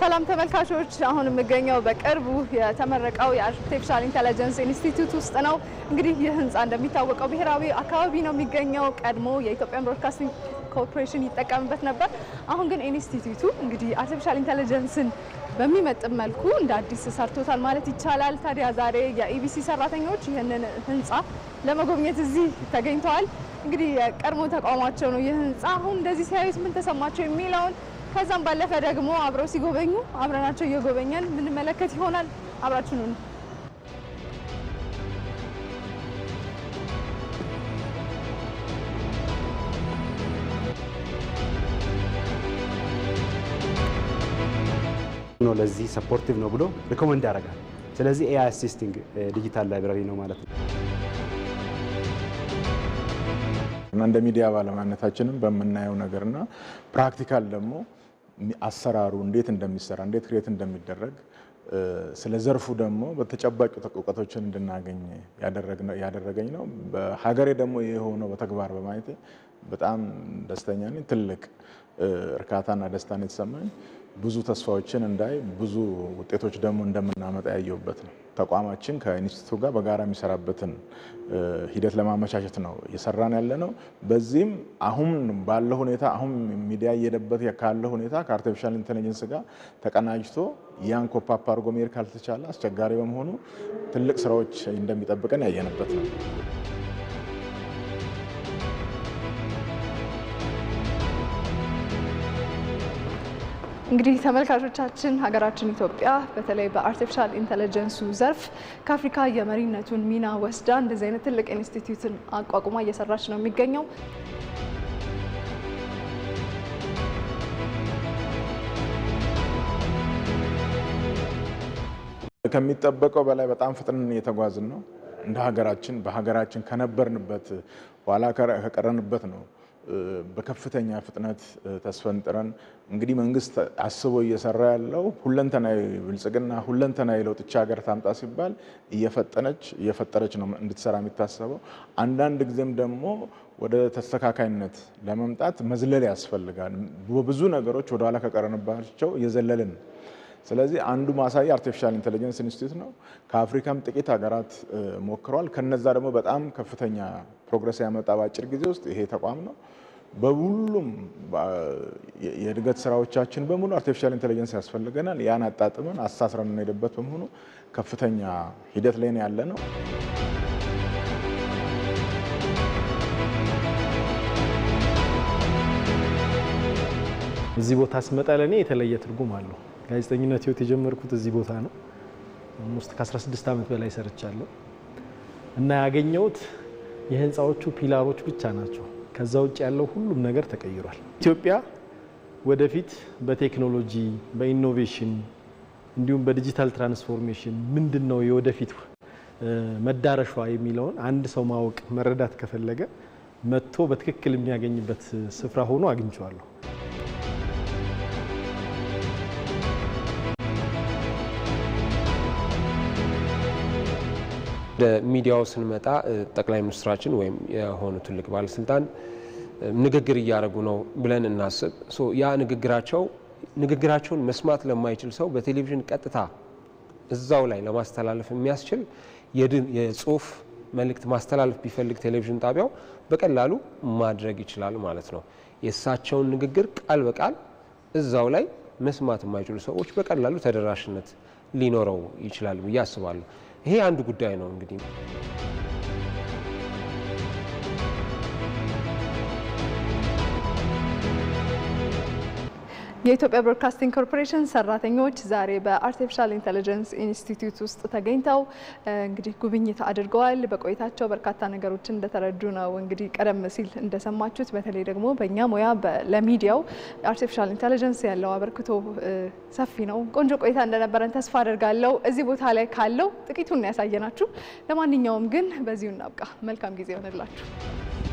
ሰላም ተመልካቾች፣ አሁን የምገኘው በቅርቡ የተመረቀው የአርቲፊሻል ኢንተለጀንስ ኢንስቲትዩት ውስጥ ነው። እንግዲህ ይህ ህንፃ እንደሚታወቀው ብሔራዊ አካባቢ ነው የሚገኘው። ቀድሞ የኢትዮጵያን ብሮድካስቲንግ ኮርፖሬሽን ይጠቀምበት ነበር። አሁን ግን ኢንስቲትዩቱ እንግዲህ አርቲፊሻል ኢንተለጀንስን በሚመጥን መልኩ እንደ አዲስ ሰርቶታል ማለት ይቻላል። ታዲያ ዛሬ የኢቢሲ ሰራተኞች ይህንን ህንፃ ለመጎብኘት እዚህ ተገኝተዋል። እንግዲህ የቀድሞ ተቋማቸው ነው ይህ ህንፃ። አሁን እንደዚህ ሲያዩት ምን ተሰማቸው የሚለውን ከዛም ባለፈ ደግሞ አብረው ሲጎበኙ አብረናቸው እየጎበኘን ምንመለከት ይሆናል። አብራችሁን ነው ለዚህ ሰፖርቲቭ ነው ብሎ ሪኮመንድ ያደርጋል። ስለዚህ ኤአይ አሲስቲንግ ዲጂታል ላይብራሪ ነው ማለት ነው። እና እንደ ሚዲያ ባለማነታችንም በምናየው ነገርና ፕራክቲካል ደግሞ አሰራሩ እንዴት እንደሚሰራ እንዴት ክሬት እንደሚደረግ ስለ ዘርፉ ደግሞ በተጨባጭ እውቀቶችን እንድናገኝ ያደረገኝ ነው። በሀገሬ ደግሞ የሆነው በተግባር በማየቴ በጣም ደስተኛ ነኝ። ትልቅ እርካታና ደስታን የተሰማኝ ብዙ ተስፋዎችን እንዳይ ብዙ ውጤቶች ደግሞ እንደምናመጣ ያየሁበት ነው። ተቋማችን ከኢንስቲትዩቱ ጋር በጋራ የሚሰራበትን ሂደት ለማመቻቸት ነው እየሰራን ያለ ነው። በዚህም አሁን ባለው ሁኔታ አሁን ሚዲያ እየሄደበት ካለ ሁኔታ ከአርቲፊሻል ኢንቴሊጀንስ ጋር ተቀናጅቶ ያን ኮፓፕ አድርጎ መሄድ ካልተቻለ አስቸጋሪ በመሆኑ ትልቅ ስራዎች እንደሚጠብቀን ያየንበት ነው። እንግዲህ ተመልካቾቻችን ሀገራችን ኢትዮጵያ በተለይ በአርቲፊሻል ኢንተለጀንሱ ዘርፍ ከአፍሪካ የመሪነቱን ሚና ወስዳ እንደዚህ አይነት ትልቅ ኢንስቲትዩትን አቋቁማ እየሰራች ነው የሚገኘው። ከሚጠበቀው በላይ በጣም ፍጥን እየተጓዝን ነው። እንደ ሀገራችን በሀገራችን ከነበርንበት ኋላ ከቀረንበት ነው በከፍተኛ ፍጥነት ተስፈንጥረን እንግዲህ መንግስት አስቦ እየሰራ ያለው ሁለንተናዊ ብልጽግና ሁለንተናዊ ለውጥ ይህች ሀገር ታምጣ ሲባል እየፈጠነች እየፈጠረች ነው እንድትሰራ የሚታሰበው። አንዳንድ ጊዜም ደግሞ ወደ ተስተካካይነት ለመምጣት መዝለል ያስፈልጋል። በብዙ ነገሮች ወደኋላ ከቀረንባቸው እየዘለልን ስለዚህ አንዱ ማሳያ አርቲፊሻል ኢንቴሊጀንስ ኢንስቲትዩት ነው። ከአፍሪካም ጥቂት ሀገራት ሞክረዋል። ከነዛ ደግሞ በጣም ከፍተኛ ፕሮግረስ ያመጣ በአጭር ጊዜ ውስጥ ይሄ ተቋም ነው። በሁሉም የእድገት ስራዎቻችን በሙሉ አርቲፊሻል ኢንቴሊጀንስ ያስፈልገናል። ያን አጣጥመን አሳስረን እንሄድበት በመሆኑ ከፍተኛ ሂደት ላይ ያለ ነው። እዚህ ቦታ ስመጣ ለእኔ የተለየ ትርጉም አለው። ጋዜጠኝነት ህይወት የጀመርኩት እዚህ ቦታ ነው። ውስጥ ከ16 ዓመት በላይ ሰርቻለሁ እና ያገኘሁት የህንፃዎቹ ፒላሮች ብቻ ናቸው። ከዛ ውጭ ያለው ሁሉም ነገር ተቀይሯል። ኢትዮጵያ ወደፊት በቴክኖሎጂ በኢኖቬሽን እንዲሁም በዲጂታል ትራንስፎርሜሽን ምንድን ነው የወደፊት መዳረሿ የሚለውን አንድ ሰው ማወቅ መረዳት ከፈለገ መጥቶ በትክክል የሚያገኝበት ስፍራ ሆኖ አግኝቼዋለሁ። ወደ ሚዲያው ስንመጣ ጠቅላይ ሚኒስትራችን ወይም የሆኑ ትልቅ ባለስልጣን ንግግር እያደረጉ ነው ብለን እናስብ። ያ ንግግራቸው ንግግራቸውን መስማት ለማይችል ሰው በቴሌቪዥን ቀጥታ እዛው ላይ ለማስተላለፍ የሚያስችል የጽሁፍ መልእክት ማስተላለፍ ቢፈልግ ቴሌቪዥን ጣቢያው በቀላሉ ማድረግ ይችላል ማለት ነው። የእሳቸውን ንግግር ቃል በቃል እዛው ላይ መስማት የማይችሉ ሰዎች በቀላሉ ተደራሽነት ሊኖረው ይችላል ብዬ አስባለሁ። ይሄ አንድ ጉዳይ ነው እንግዲህ የኢትዮጵያ ብሮድካስቲንግ ኮርፖሬሽን ሰራተኞች ዛሬ በአርቲፊሻል ኢንተለጀንስ ኢንስቲትዩት ውስጥ ተገኝተው እንግዲህ ጉብኝት አድርገዋል። በቆይታቸው በርካታ ነገሮችን እንደተረዱ ነው እንግዲህ ቀደም ሲል እንደሰማችሁት። በተለይ ደግሞ በእኛ ሙያ ለሚዲያው አርቲፊሻል ኢንተለጀንስ ያለው አበርክቶ ሰፊ ነው። ቆንጆ ቆይታ እንደነበረን ተስፋ አድርጋለሁ። እዚህ ቦታ ላይ ካለው ጥቂቱን ያሳየናችሁ። ለማንኛውም ግን በዚሁ እናብቃ። መልካም ጊዜ ይሆንላችሁ።